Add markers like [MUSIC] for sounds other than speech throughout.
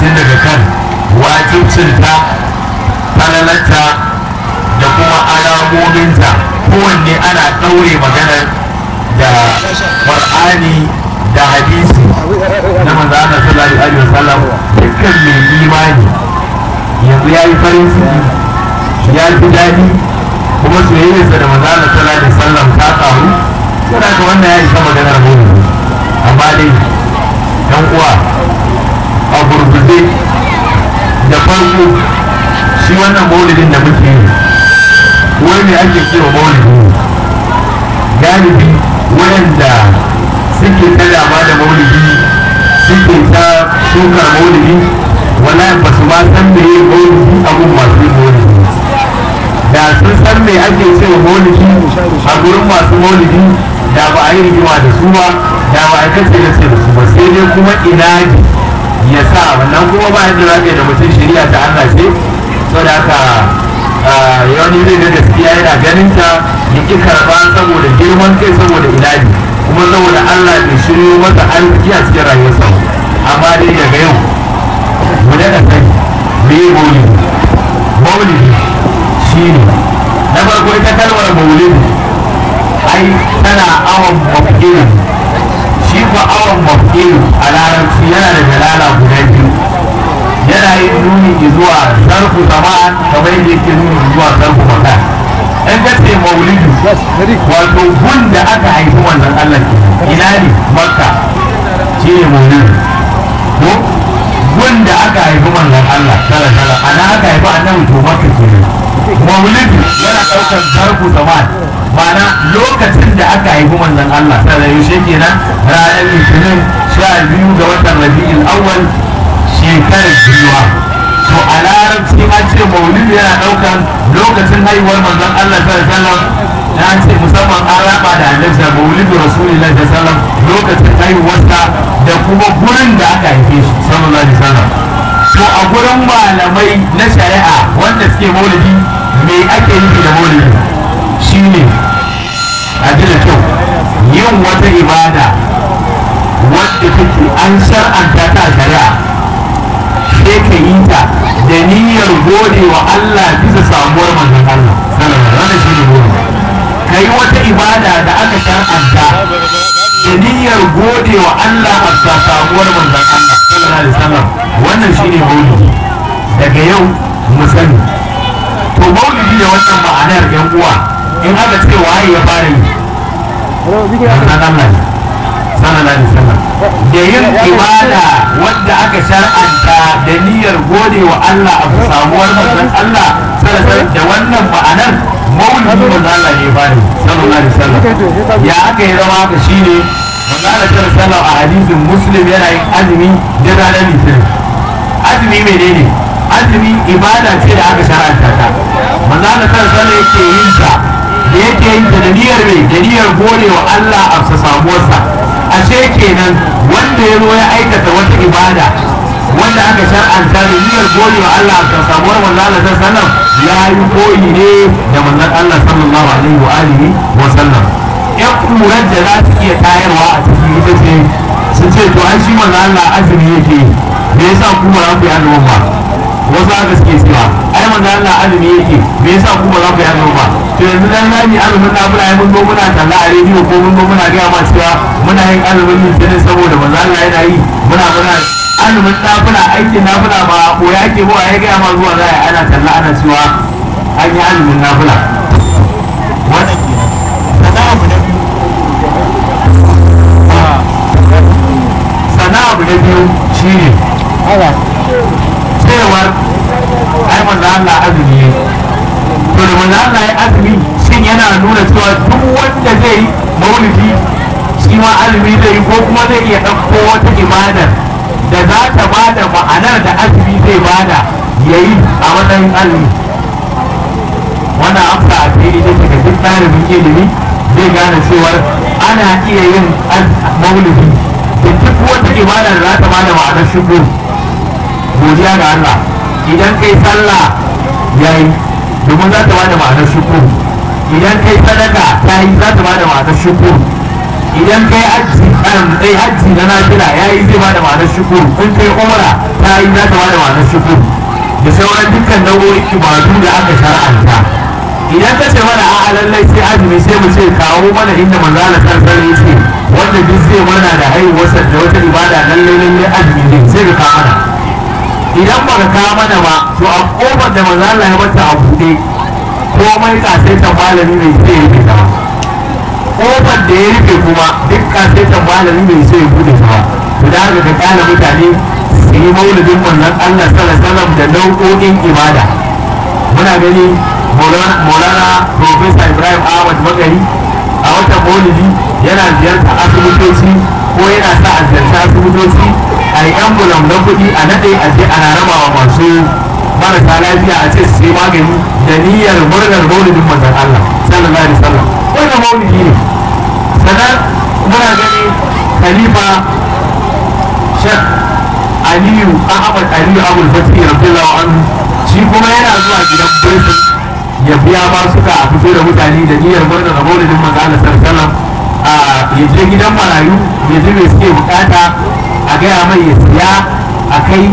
tun daga kan wajibcinta falalarta da kuma alamominta kowanne ana ɗaure maganar da ƙwar'ani da hadisi na manzana sallallahu alaihi wasallam dukkan mai imani yanzu ya yi farin ciki ya fi daɗi kuma soyayyarsa da manzana sallallahu alaihi wasallam ta faru yana ga wannan ya isa maganar mu amma dai shigo shi wannan maulidin da muke yi wai ne ake cewa maulidi galibi waɗanda suke ta dama da maulidi suke ta shukar maulidi wala ba su ma san me yi maulidi abun masu maulidi da sun san me ake cewa maulidi a gurin masu maulidi da ba a yi rigima da su ba da ba a kasance da su ba sai dai kuma ina ne ya sa wannan kuma ba yadda za da mutum shirya ta Allah ce saboda haka yawan yi da gaskiya yana ganin ta ya ki karɓa saboda girman kai saboda ilani kuma saboda Allah bai shiryo masa arziki a cikin rayuwarsa amma dai daga yau mu da mu yi maulidi maulidi shi ne na farko ita kalmar maulidi ai tana awon mafi awon mafilu a larabci yana da jalala guda biyu yana yin nuni zuwa zarfu zaman kamar yadda ke nuni zuwa zarfu maka in ka maulidu wato gun da aka haifi wannan allah ina ne makka shi ne maulidu ko gun da aka haifi wannan allah sallallahu a na aka haifi annabi to makka ke ne maulidu yana ɗaukar zarfu zama mana lokacin da aka haifi manzon Allah sallallahu alaihi kenan ranar litinin sha biyu ga watan rabi'in awwal shekarar biyuwa to a larabci an ce maulidi yana daukan lokacin haihuwar manzon Allah da sallam na ce musamman an raba da annabi da rasulillah rasulullahi sallam lokacin haihuwarsa da kuma gurin da aka haife shi sallallahu alaihi wasallam to a gurin malamai na shari'a wanda suke maulidi me ake yi da maulidi shine dukkan wata ibada wadda take an sar'anta ta shari'a sai ka yi ta da niyyar gode wa Allah bisa samuwar manzon Allah wannan shi ne gode ka yi wata ibada da aka sar'anta da niyyar gode wa Allah a samuwar manzon Allah sallallahu alaihi wasallam wannan shi ne gode daga yau mu sani to maulidi da wannan ma'anar yan uwa in aka ce waye ya fara yi Muhammad na alaihi wasallam da yin ibada wadda aka shar'anta da niyyar gode wa Allah a samuwar manzon Allah sallallahu da wannan ma'anar maulidi manzon Allah ne bani na alaihi wasallam ya aka yi zama haka shine manzon Allah sallallahu a hadisin muslim yana yin azumi da ranar litinin azumi menene azumi ibada ce da aka shar'anta ta manzon Allah sallallahu yake yin sa da yake yin ta da niyyar mai da niyyar gode wa Allah a samuwarsa ashe kenan wanda ya zo ya aikata wata ibada wanda aka shar'anta da niyyar gode wa Allah a samuwar wanda Allah sallam ya yi koyi ne da manzon Allah sallallahu alaihi wa alihi wa sallam yan kurar da za su iya tayarwa a cikin ita ce su ce to an shi manzon Allah azumi yake me yasa kuma za ku yi azumin ba wasu haka suke cewa ai manzon Allah azumi yake me yasa kuma za ku yi azumin ba to yanzu dan zamu azumin nafila yi mun zo muna talla a rediyo ko mun zo muna gaya ma cewa muna yin azumin litinin saboda za Allah yana yi muna muna azumin nafila aikin nafila ba ko ya ke ba ya gaya ma zuwa za a ana talla ana cewa an yi azumin nafila wannan sana abu na biyu sana abu na biyu shine cewar ai manzo Allah azumi to za a yi ya azumi shin yana nuna cewa duk wanda zai yi maulidi shi ma azumi zai yi ko kuma zai iya ɗauko wata imanar da za ta ba da ma'anar da azumi zai ba da ya yi a matsayin azumi wannan amsa a tsaye ita ce ga duk ɗalibin ilimi zai gane cewar ana iya yin maulidi da duk wata imanar da za ta ba da ma'anar shigo godiya ga Allah idan kai sallah ya yi. domin za ta bada ma'anar shuku idan kai sadaka ta yi za ta bada ma'anar shuku idan kai hajji kai hajji na nafila ya yi zai bada ma'anar shuku in kai umara ta yi za ta bada ma'anar shuku da sauran dukkan nau'o'in ibadu da aka shara'anta idan ka ce mana a'a lallai sai azumi sai mu ce kawo mana inda manzo san sallallahu alaihi wanda duk zai mana da haihuwar da wata ibada lallai lallai azumi ne sai ka kawo mana idan baka kawo mana ba to a kofar da maza ya mata a buɗe komai kasaitan malami mai sai ya rufe kofar da ya rufe kuma duk kasaitan malami mai sai ya buɗe ba to da haka ka kala mutane su yi maulidin manzon Allah sallallahu da nau'o'in ibada muna gani Maulana Profesa Ibrahim Ahmad Magari a watan maulidi yana ziyarta asibitoci ko yana sa a zarta asibitoci a yi ambulan na kuɗi a naɗe a je ana raba wa masu marasa lafiya a ce sai magani da niyyar murnar maulidin manzon Allah sallallahu alaihi wasallam wannan maulidi ne sannan muna gani khalifa shek aliyu ahmad aliyu abul fatih radiyallahu anhu shi kuma yana zuwa gidan birnin ya biya ba suka a fito da mutane da niyyar murnar maulidin manzon Allah ya je gidan marayu ya ji mai suke bukata a gaya mai ya siya a kai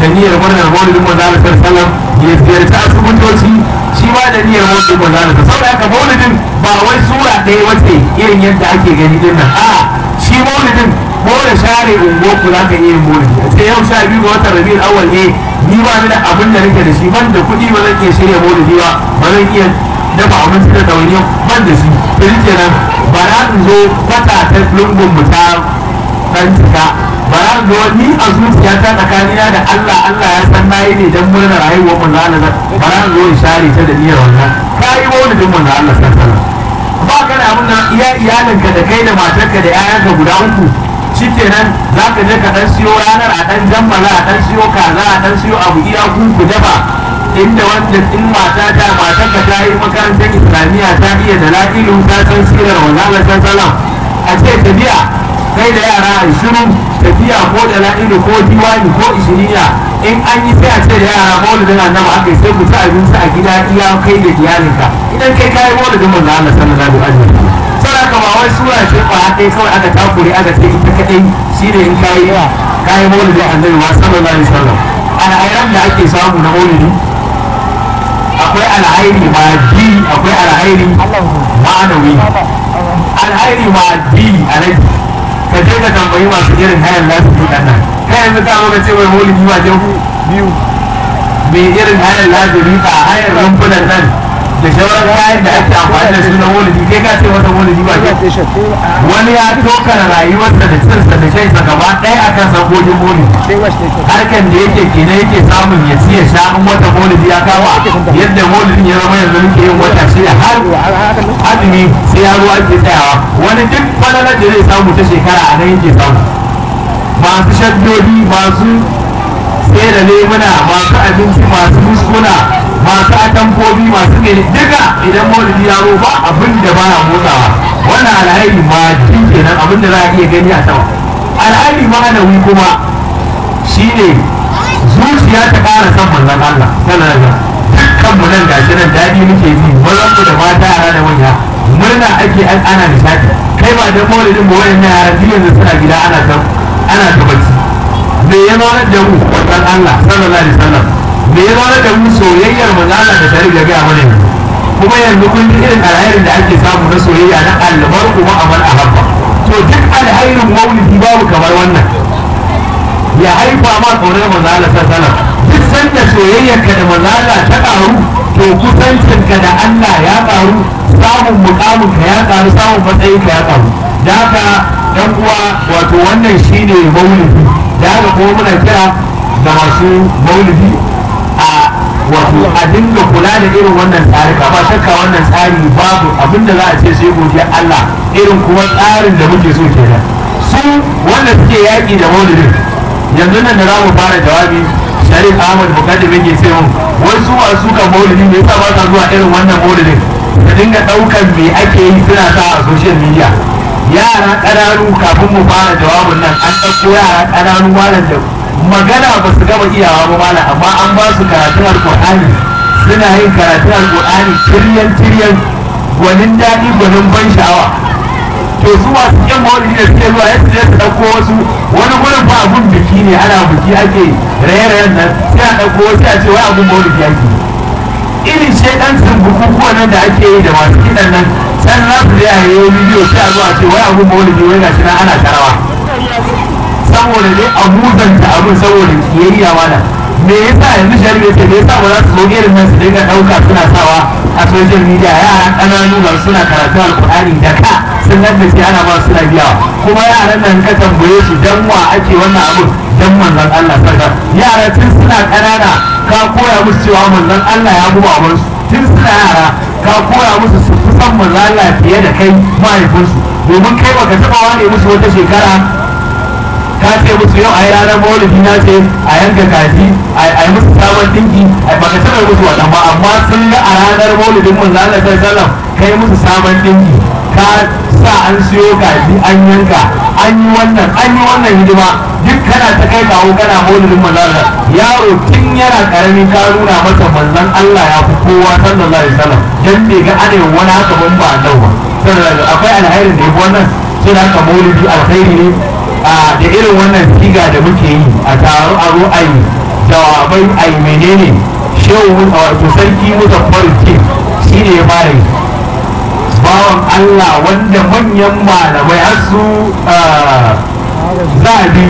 da niyyar murnar maulidin manzana salam ya ziyarci asibitoci shi ma da niyyar maulidin manzana sallam da aka maulidin ba wai sura ɗaya wace irin yadda ake gani din nan A shi maulidin bore share ungo ku za ka iya yin a ce yau sha biyu ga watan rabiul awwal ne ni ba ni da abin da nake da shi ban da kuɗi ba zan iya shirya maulidi ba ba zan iya wani ma'aunin da wani ban da shi ta shi kenan ba za su zo kwata ta lungun mu ta ɗan cika ba za su zo ni a zuciya ta tsakanina da Allah Allah ya san na yi ne don murnar rayuwar mu na ba za su zo share ta da niyyar wannan ka yi wani jin mu na Allah sallallahu ba ka da abin nan iya iyalinka da kai da matarka da 'ya'yanka guda uku nan za ka je ka dan siyo ranar a ɗan jammala a dan siyo kaza a dan siyo abu iya ku ku dafa inda wanda in mata ta mata ka ta yi makarantar islamiyya ta iya da la'ilu ta san sirar wanzala ta salam a ce tafiya kai da yara a tafiya ko da la'ilu ko diwani ko ishiriya in an yi sai a ce da yara maulidin annabi aka sai ku ci abinci a gida iya kai da iyalinka idan kai kayi zama manzala sallallahu alaihi wasallam saboda ba wai sura ce ba kai kawai aka takure aka ce ita kadai shine in kayi yawa kayi maulidin annabi ma sallallahu alaihi ana al'airan da ake samu na maulidi akwai alhairi maji akwai alhairi ma'anawi alhairi maji alhaji ka je ka tambayi masu irin hayan nasu dan nan kai yanzu ka maka ce wai holi biyu biyu mai irin hayan lazuri ba hayan rumfunan nan da sauran kayan da ake amfani da suna na wulidi ke ka ce wata wulidi ba ke wani ya toka rayuwarsa da cinsa da shansa gaba ɗaya a kan sabogin wulidi harkan da yake kina yake samun ya siya sha wata wulidi ya kama yadda wulidin ya zama yanzu muke yin wata shida har azumi sai ya ruwa ke tsayawa wani duk falalar da zai samu ta shekara a nan yake samu masu shaddodi masu tsere lemuna masu abinci masu muskuna masu atamfobi masu ne diga idan maulidi ya zo ba abin da ba ya motsawa wannan alhaji ma jin kenan abin da za a iya gani a sama alhaji ma'anawi kuma shine zuciya ta ƙara san manzon Allah tana da dukkan mu nan gashi nan daɗi muke ji wajen mu da mata yara da manya murna ake an ana nishaɗi kai ba da maulidin ba wayan yara biyan da suna gida ana san ana ta bacci me ya zaunar da mu manzon Allah sallallahu alaihi wasallam da ya zama da mu soyayyar manzala da tare da gaya mana yanzu kuma yanzu kun ji irin alherin da ake samu na soyayya na almar kuma amal ahabba to duk alherin maulidi babu kamar wannan ya haifa ma kaunar manzala sallallahu duk sanda soyayyar ka da manzala ta karu to kusancin ka da Allah ya karu samun mukamin ka ya karu samun matsayin ka ya karu da dan uwa wato wannan shine maulidi daga kuma muna kira da masu maulidi a wato a dinga kula da irin wannan tsari ba shakka wannan tsari babu abinda za a ce sai godiya Allah irin kuma tsarin da muke so kenan su wanda suke yaki da maulidin yanzu nan da za mu fara jawabi sharif ahmad bukatu yake ce mun wai su a suka maulidin me yasa ba sa zuwa irin wannan maulidin da dinga ɗaukar me ake yi suna sa a social media yara kananu kafin mu fara jawabin nan an dauko yara kananu malam da magana ba su gaba iyawa ba mana amma an ba su karatun alƙur'ani suna yin karatun alƙur'ani tiryan tiryan gwanin daɗi gwanin ban sha'awa to su masu yan maulidi da suke zuwa ya su su ɗauko wasu wani gurin ba abun biki ne ana biki ake raye-rayen nan sai a ɗauko wasu a ce wai abun maulidi ake irin shaidancin bukukuwan nan da ake yi da masu kiɗan nan sannan za su je a yi bidiyo sai a zo a ce wai abun maulidi wai gashi nan ana karawa saboda ne a muzanta abin saboda kiyayya mana me yasa yanzu shari ne me yasa ba za su zoge da nan su dinga ɗauka suna sawa a social media yara ƙananu ga suna karatu alƙur'ani da ka sun haddace ana ba suna biyawa kuma yaran nan ka tambaye su dan wa ake wannan abin dan manzon Allah sarkar yara tun suna ƙanana ka koya musu cewa manzon Allah ya ban su tun suna yara ka koya musu su san son manzon Allah fiye da kai mahaifinsu domin kai baka taɓa wane musu wata shekara ta ce musu yau a yi ranar maulidi na ce a yanka kaji a yi musu sabon dinki a yi baka sanar musu wannan ba amma sun ga a ranar maulidin mun lalata sallallahu kai musu sabon dinki ka sa an siyo kaji an yanka an yi wannan an yi wannan hidima duk kana ta kai kawo kana maulidin mun lalata yaro tun yana karami ka nuna masa manzan Allah ya fi kowa sallallahu alaihi wasallam dan bai ga ana wani haka mun ba Allah ba akwai alheri da ya wannan sai haka maulidi ne a da irin wannan siga da muke yi a taro aro ai jawabai ai menene shehu wato sarki musa farce shi ne fara bawan Allah wanda manyan malamai har su zabi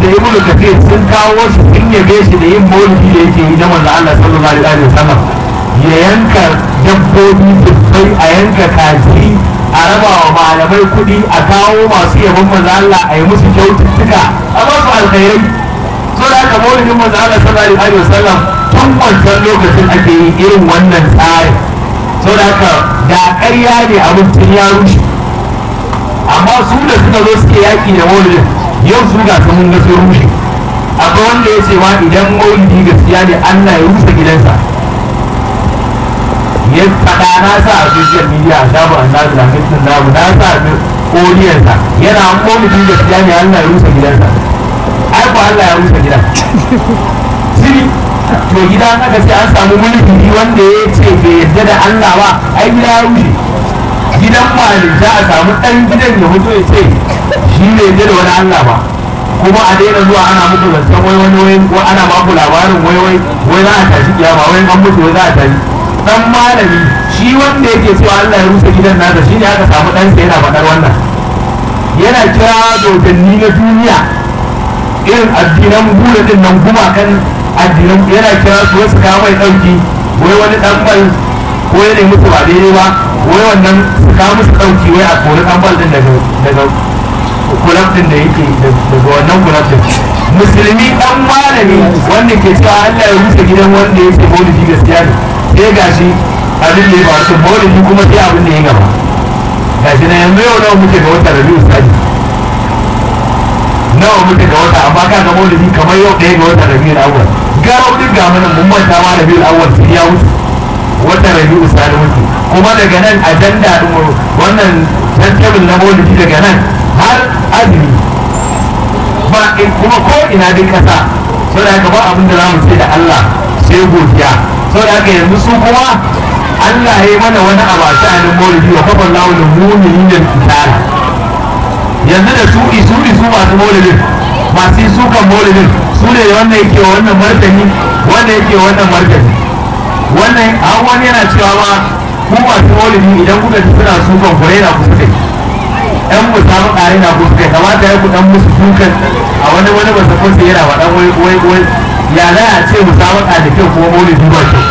da ibnu kafir sun kawo shi sun yabe shi da yin bolifi da yake yi na manzo Allah sallallahu alaihi wasallam ya yanka dabbobi dubbai a yanka kaji a raba wa malamai kuɗi a kawo masu yabon mazala a yi musu kyaututtuka a ba su alkhairai so da aka maulidin manzala sallallahu alaihi wasallam tun wancan lokacin ake yi irin wannan tsari so da aka da ƙarya ne abin tun ya rushe amma su da suka zo suke yaƙi da maulidin yau su ga sun ga sun rushe akwai wanda ya ce ma idan maulidi gaskiya ne Allah ya rusa gidansa ya faɗa na sa a social media a shafa a nasu da fitin namu na sa a kodiyarsa yana an ko mutum da fiya ne Allah ya rusa gidansa ai ko Allah ya rusa gidan [LAUGHS] siri to gida haka sai an samu mulki wanda ya ce bai yarda da Allah ba ai gida ya rushe gidan malinta a samu ɗan gidan ya mutu ya ce shi bai yarda da wani Allah ba kuma a daina zuwa ana muku zancen wai wani wai ana ba ku labarin wai wai wai za a tashi kiyama wai an mutu wai za a tashi dan malami shi wanda yake so Allah ya rusa gidan nasa ne aka samu dan sa yana faɗar wannan yana kira dodanni na duniya irin addinan bula din nan gumakan addinan yana kira su wasu kawo mai ɗauki wai wani dan bal ko ya nemi su ba daidai ba wai wannan su kawo musu ɗauki wai a kori dan bal din daga daga kulab din da yake daga wannan kulaf din musulmi dan malami wanda ke cewa Allah ya rusa gidan wanda yake maulidi gaskiya ne sai ga shi abin da ya su to maulidi kuma sai abin da ya gaba ga shi na yanzu yau nawa muke ga wata rabiu sani nawa muke ga wata amma ka ga maulidi kamar yau ɗaya ga wata rabiu awwal gara wani ga mana mun manta ma rabiu awwal sai ya wuce wata rabiu sani wuce kuma daga nan a ɗin wannan tantabin na maulidi daga nan har azumi ba eh, kuma ko ina dai kasa saboda haka ba abin da za mu ce da Allah sai godiya So da aka yanzu su kuma Allah ya yi mana wani abu a sha'anin maulidi wa kafa lawo da muminin da kitara yanzu da su isu isu masu maulidin masu isu kan maulidin su ne wannan yake wannan martani wannan yake wannan martani wannan abubuwan wani yana cewa ma ku masu maulidi idan kuka ci suna su kan kure na ku suka yan mu samu ƙare na ku suka kamata ya ku dan musu dukan a wani wani ba su kun yana ba dan wai wai wai ya za a ce musabaka da kyau kuma maulidi ba kyau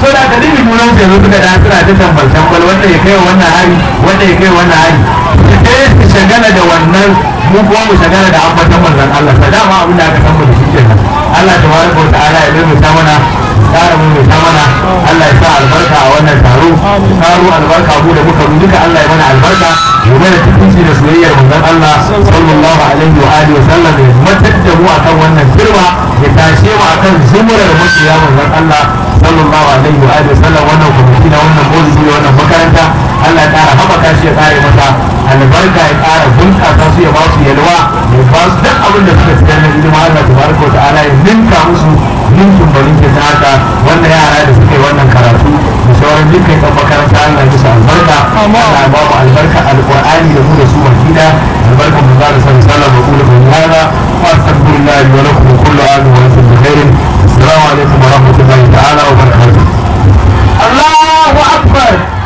so da ka dini munan sai zo suka dan suna ta tambal tambal wanda ya kai wannan hari wanda ya kai wannan hari su shagala da wannan mu kuma mu shagala da ambatan manzan Allah sa dama abin da aka san mu da shi kenan Allah tabaraka wa ala ya zai mu ta mana tsara mu ta mana Allah ya sa albarka a wannan taro taro albarka mu da muka mu duka Allah ya mana albarka mu mana tukunci da soyayyar manzon Allah sallallahu alaihi wa alihi wa sallam ya matar da mu akan wannan girma. ya tashe mu akan zumurar makiya manzon Allah sallallahu alaihi wa alihi sallam wannan kwamiti na wannan da wannan makaranta Allah ya ƙara haɓaka shi ya ƙare mata albarka ya ƙara bunƙasa su ya ba su yalwa ya ba su duk abin da suka fitar na ilimin Allah tabaraka wa ta'ala ya ninka musu ninkin ba ninkin na haka wannan yara da yi wannan karatu sauran dukkan makaranta Allah ya kusa albarka Allah ba mu albarka alqur'ani da mu da su baki da albarka mu za da san sallah wa kullu min hada wa astaghfirullah wa lakum kullu amin wa antum bi khairin assalamu alaikum wa rahmatullahi ta'ala wa barakatuh Allahu akbar